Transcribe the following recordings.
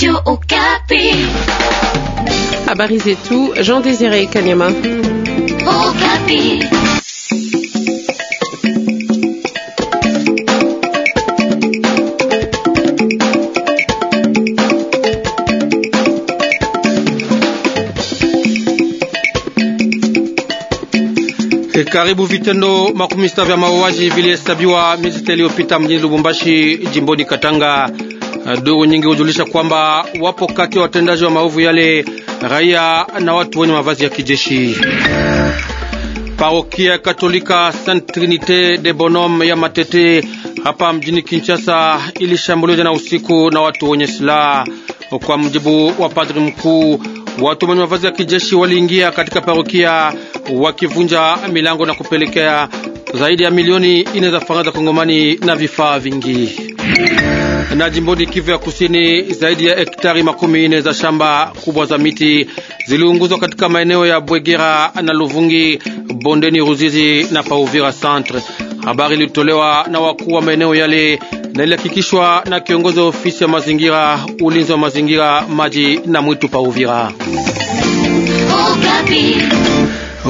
Radio Okapi. tout, tout Jean Désiré Kanyama. Eh, Eh, Duru nyingi hujulisha kwamba wapo kati ya watendaji wa maovu yale raia na watu wenye mavazi ya kijeshi. Parokia Katolika Saint Trinite de Bonhomme ya Matete hapa mjini Kinshasa ilishambuliwa jana usiku na watu wenye silaha. Kwa mjibu wa padri mkuu, watu wenye mavazi ya kijeshi waliingia katika parokia wakivunja milango na kupelekea zaidi ya milioni ine za faranga za kongomani na vifaa vingi. Na jimboni Kivu ya Kusini, zaidi ya hektari makumi ine za shamba kubwa za miti ziliunguzwa katika maeneo ya Bwegera na Luvungi, bondeni Ruzizi na Pauvira Centre. Habari ilitolewa na wakuu wa maeneo yale na ilihakikishwa na kiongozi wa ofisi ya mazingira, ulinzi wa mazingira, maji na mwitu Pauvira. Oh,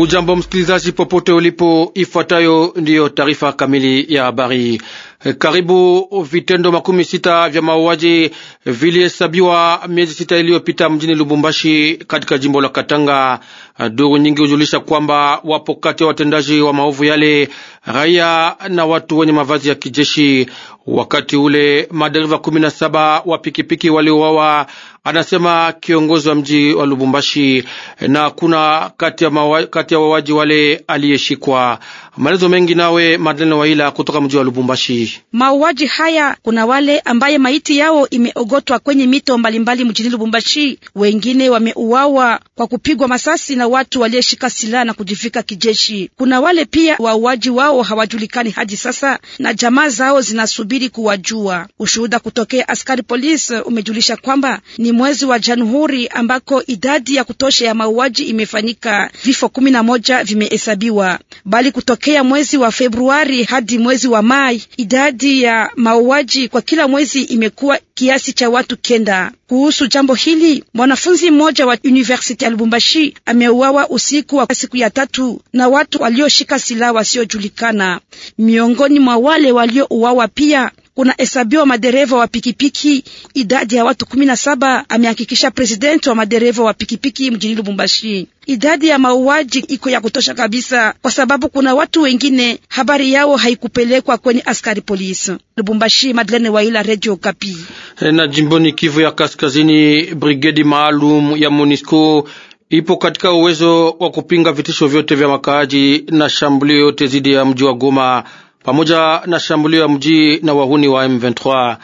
Ujambo msikilizaji, popote ulipo, ifuatayo ndiyo taarifa kamili ya habari. Eh, karibu vitendo makumi sita vya mauaji vilihesabiwa miezi sita iliyopita mjini Lubumbashi katika jimbo la Katanga. Eh, duru nyingi hujulisha kwamba wapo kati ya watendaji wa maovu yale raia na watu wenye mavazi ya kijeshi. Wakati ule madereva kumi na saba wa pikipiki waliouawa, anasema kiongozi wa mji wa Lubumbashi, eh, na kuna kati ya wauaji wale aliyeshikwa. Maelezo mengi nawe Madeleine Waila kutoka mji wa Lubumbashi. Mauaji haya, kuna wale ambaye maiti yao imeogotwa kwenye mito mbalimbali mjini Lubumbashi, wengine wameuawa kwa kupigwa masasi na watu waliyeshika silaha na kujivika kijeshi. Kuna wale pia wauaji wao hawajulikani hadi sasa na jamaa zao zinasubiri kuwajua. Ushuhuda kutokea askari polisi umejulisha kwamba ni mwezi wa Januari ambako idadi ya kutosha ya mauaji imefanyika, vifo kumi na moja vimehesabiwa bali kutoka tokea mwezi wa Februari hadi mwezi wa Mai, idadi ya mauaji kwa kila mwezi imekuwa kiasi cha watu kenda. Kuhusu jambo hili, mwanafunzi mmoja wa university ya Lubumbashi ameuawa usiku wa siku ya tatu na watu walioshika silaha wasiojulikana. Miongoni mwa wale waliouawa pia kuna kunahesabiwa madereva wa pikipiki idadi ya watu kumi na saba, amehakikisha presidenti wa madereva wa pikipiki mjini Lubumbashi. Idadi ya mauaji iko ya kutosha kabisa, kwa sababu kuna watu wengine habari yao haikupelekwa kwenye askari polisi. Lubumbashi, Madlene Waila, Radio Kapi. Eh, na jimboni Kivu ya Kaskazini, brigedi maalum ya MONUSCO ipo katika uwezo wa kupinga vitisho vyote vya makaaji na shambulio yote dhidi ya mji wa Goma pamoja na shambulio ya mji na wahuni wa M23.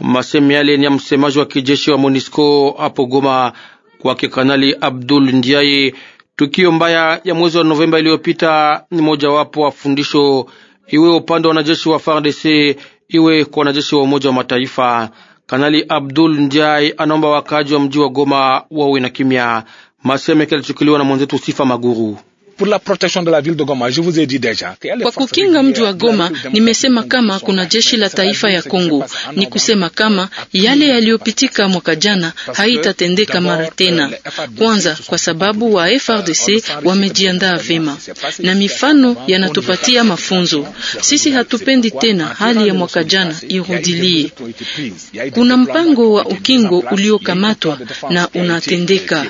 Masemi yale ni ya msemaji wa kijeshi wa MONUSCO hapo Goma, kwake Kanali Abdul Ndiaye. Tukio mbaya ya mwezi wa Novemba iliyopita ni mojawapo wa fundisho, iwe upande wa wanajeshi wa FARDC, iwe kwa wanajeshi wa Umoja wa Mataifa. Kanali Abdul Ndiaye anaomba wakaaji wa mji wa Goma wawe na kimya. Masemi yake yalichukuliwa na mwenzetu Sifa Maguru pour la protection de la ville de Goma. Je vous ai dit déjà. Kwa kukinga mji wa Goma, nimesema kama kuna jeshi la taifa ya Kongo. Ni kusema kama yale yaliyopitika mwaka jana haitatendeka mara tena. Euh, Kwanza kwa sababu wa euh, FRDC wamejiandaa vema. Na mifano yanatupatia mafunzo. Sisi hatupendi tena hali ya mwaka jana irudilie. Kuna mpango wa ukingo uliokamatwa na unatendeka.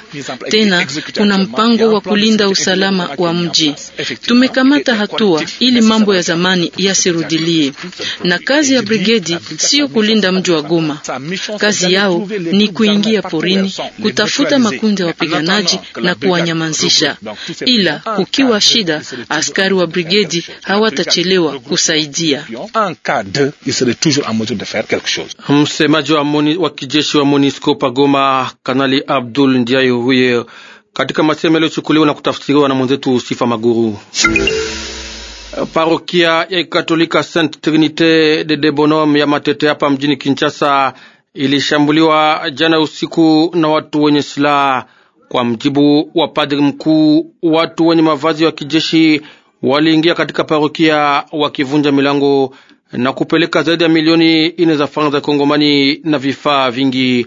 Tena kuna mpango wa kulinda usalama wa mji. Tumekamata hatua ili mambo ya zamani yasirudilie, na kazi ya brigedi siyo kulinda mji wa Goma. Kazi yao ni kuingia porini kutafuta makundi ya wapiganaji na kuwanyamazisha, ila kukiwa shida, askari wa brigedi hawatachelewa kusaidia. Msemaji wa kijeshi wa MONUSCO pagoma Kanali Abdul Ndiaye huyo katika masemo yaliyochukuliwa na kutafsiriwa na mwenzetu Sifa Maguru. Parokia ya Katolika Saint Trinite de Debonom ya Matete hapa mjini Kinshasa ilishambuliwa jana usiku na watu wenye silaha. Kwa mjibu wa padri mkuu, watu wenye mavazi ya wa kijeshi waliingia katika parokia wakivunja milango na kupeleka zaidi ya milioni ine za faranga za Kongomani na vifaa vingi.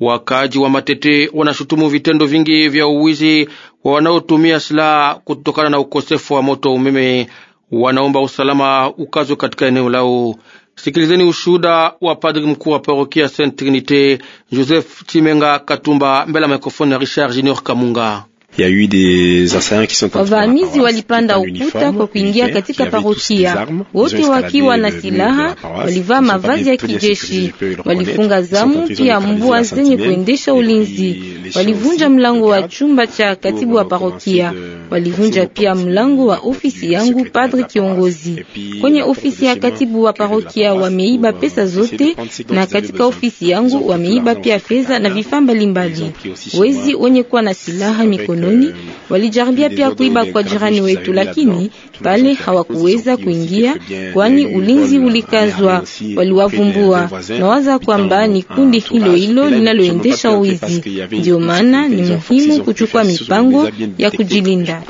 Wakaaji wa Matete wanashutumu vitendo vingi vya uwizi wa wanaotumia silaha kutokana na ukosefu wa moto umeme. Wanaomba usalama ukazwe katika eneo lao. Sikilizeni ushuhuda wa padri mkuu wa parokia Saint Trinite Joseph Chimenga Katumba mbele ya mikrofoni ya Richard Junior Kamunga ya eu des assaillants qui sont wavamizi walipanda ukuta kwa kuingia katika parokia, wote wakiwa na silaha, walivaa mavazi ya kijeshi, walifunga zamu pia mvua zenye kuendesha ulinzi walivunja mlango wa chumba cha eh, katibu wa parokia, walivunja pia mlango wa ofisi yangu padri kiongozi. Kwenye ofisi ya katibu wa parokia wameiba pesa zote, na katika ofisi yangu wameiba pia fedha na vifaa mbalimbali. Wezi wenye kuwa na silaha mikononi euh, walijaribia pia kuiba kwa jirani wetu, lakini pale hawakuweza kuingia, kwani ulinzi ulikazwa. Waliwavumbua. Nawaza kwamba ni kundi hilo hilo linaloendesha wizi, ndio maana ni muhimu kuchukua mipango ya kujilinda.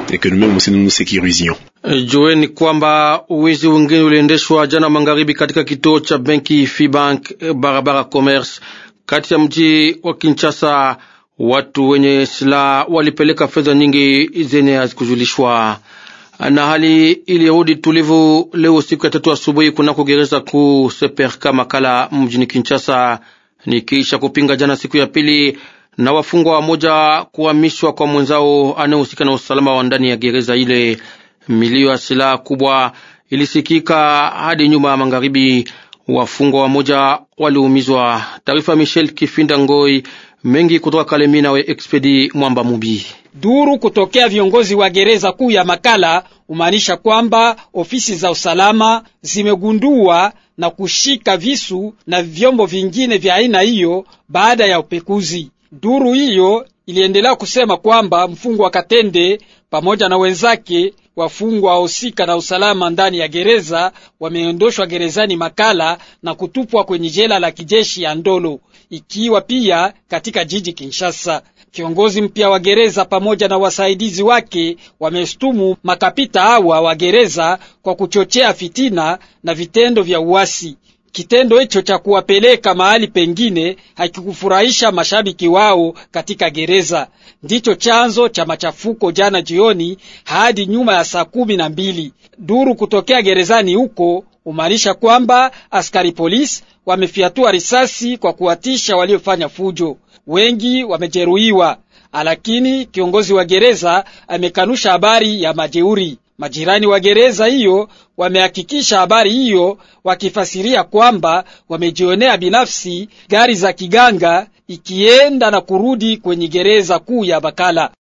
Eh, Jueni kwamba wizi wengine uliendeshwa jana magharibi katika kituo cha benki Fibank eh, barabara Commerce kati ya mji wa Kinshasa. Watu wenye silaha walipeleka fedha nyingi zenye hazikujulishwa na hali ilirudi tulivu leo siku ya tatu asubuhi kunako gereza kuu Seperka Makala mjini Kinshasa, nikiisha kupinga jana siku ya pili na wafungwa wamoja kuhamishwa kwa mwenzao anayehusika na usalama wa ndani ya gereza ile. Milio ya silaha kubwa ilisikika hadi nyuma ya magharibi. Wafungwa wamoja waliumizwa. Taarifa Michel Kifinda Ngoi mengi kutoka Kalemi nawe Expedi Mwamba Mubi. Duru kutokea viongozi wa gereza kuu ya Makala umaanisha kwamba ofisi za usalama zimegundua na kushika visu na vyombo vingine vya aina hiyo baada ya upekuzi. Duru hiyo iliendelea kusema kwamba mfungwa Katende pamoja na wenzake wafungwa wahusika na usalama ndani ya gereza wameondoshwa gerezani Makala na kutupwa kwenye jela la kijeshi ya Ndolo, ikiwa pia katika jiji Kinshasa. Kiongozi mpya wa gereza pamoja na wasaidizi wake wameshtumu makapita hawa wa gereza kwa kuchochea fitina na vitendo vya uasi. Kitendo hicho cha kuwapeleka mahali pengine hakikufurahisha mashabiki wao katika gereza, ndicho chanzo cha machafuko jana jioni hadi nyuma ya saa kumi na mbili. Duru kutokea gerezani huko umaanisha kwamba askari polisi wamefiatua risasi kwa kuwatisha waliofanya fujo, wengi wamejeruhiwa, lakini kiongozi wa gereza amekanusha habari ya majeuri. Majirani wa gereza hiyo wamehakikisha habari hiyo, wakifasiria kwamba wamejionea binafsi gari za kiganga ikienda na kurudi kwenye gereza kuu ya Bakala.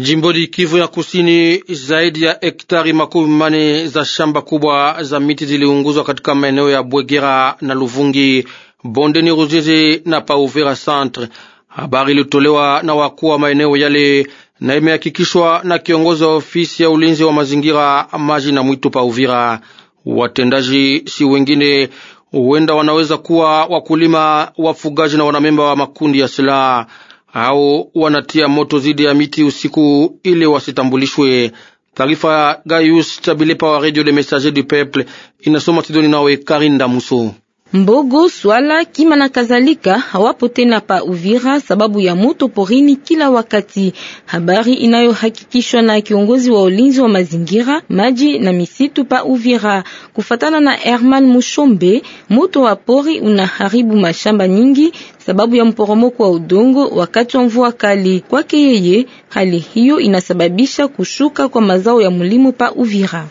Jimboni Kivu ya Kusini, zaidi ya hektari makumi mane za shamba kubwa za miti ziliunguzwa katika maeneo ya Bwegera na Luvungi, bondeni Ruzizi na Pauvera Centre. Habari ilitolewa na wakuu wa maeneo yale na imehakikishwa na kiongozi wa ofisi ya ulinzi wa mazingira, maji na mwitu pa Uvira. Watendaji si wengine huenda wanaweza kuwa wakulima, wafugaji na wanamemba wa makundi ya silaha au wanatia moto zidi ya miti usiku ili wasitambulishwe. Taarifa Gaius Chabilepa wa Radio Le Messager du Peuple inasoma Tidoni nawe Karinda Muso. Mbogo, swala, kima na kadhalika hawapo tena pa Uvira sababu ya moto porini kila wakati. Habari inayohakikishwa na kiongozi wa ulinzi wa mazingira, maji na misitu pa Uvira. Kufatana na Herman Mushombe, moto wa pori unaharibu mashamba nyingi sababu ya mporomoko wa udongo wakati wa mvua kali. Kwake yeye, hali hiyo inasababisha kushuka kwa mazao ya mlimo pa Uvira.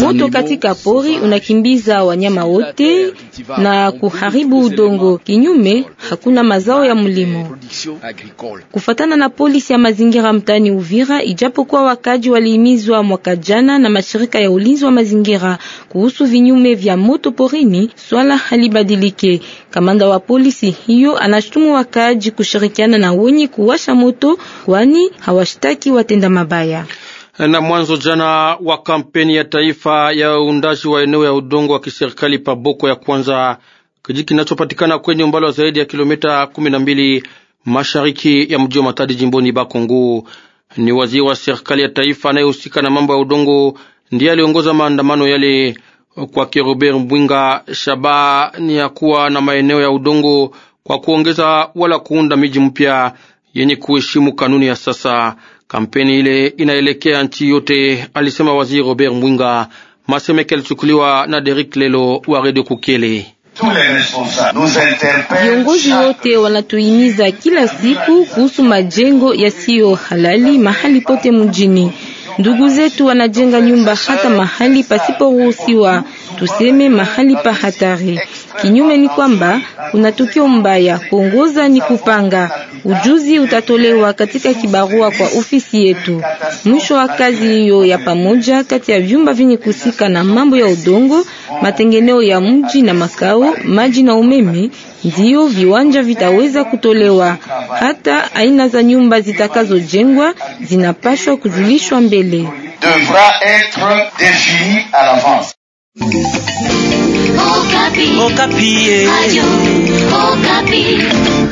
Moto katika pori unakimbiza wanyama wote na kuharibu udongo, kinyume hakuna mazao ya mlimo. Kufatana na polisi ya mazingira mtaani Uvira, ijapokuwa wakaji walihimizwa mwaka jana na mashirika ya ulinzi wa mazingira kuhusu vinyume vya moto porini, swala halibadilike. Kamanda wa polisi hiyo anashutumu wakaaji kushirikiana na wenye kuwasha moto, kwani hawashtaki watenda mabaya na mwanzo jana wa kampeni ya taifa ya uundaji wa eneo ya udongo wa kiserikali Paboko ya kwanza, kijiji kinachopatikana kwenye umbali wa zaidi ya kilomita kumi na mbili mashariki ya mji wa Matadi jimboni Bakongo. Ni waziri wa serikali ya taifa anayehusika na mambo ya udongo ndiye aliongoza maandamano yale. Kwake Robert Mbwinga, shabaha ni ya kuwa na maeneo ya udongo kwa kuongeza wala kuunda miji mpya yenye kuheshimu kanuni ya sasa. Kampeni ile inaelekea nchi yote, alisema waziri Robert Mbwinga. Masemeke alichukuliwa na Derek Lelo wa Radio Kukele. Viongozi wote wanatuhimiza kila siku kuhusu majengo yasiyo halali mahali pote mjini. Ndugu zetu wanajenga nyumba hata mahali pasiporuhusiwa, tuseme mahali pa hatari. Kinyume ni kwamba kuna tukio mbaya, kuongoza ni kupanga. Ujuzi utatolewa katika kibarua kwa ofisi yetu. Mwisho wa kazi hiyo ya pamoja kati ya vyumba vyenye kusika na mambo ya udongo, matengeneo ya mji na makao, maji na umeme, ndiyo viwanja vitaweza kutolewa. Hata aina za nyumba zitakazojengwa zinapashwa kujulishwa mbele. Okapi. Okapi. Eh.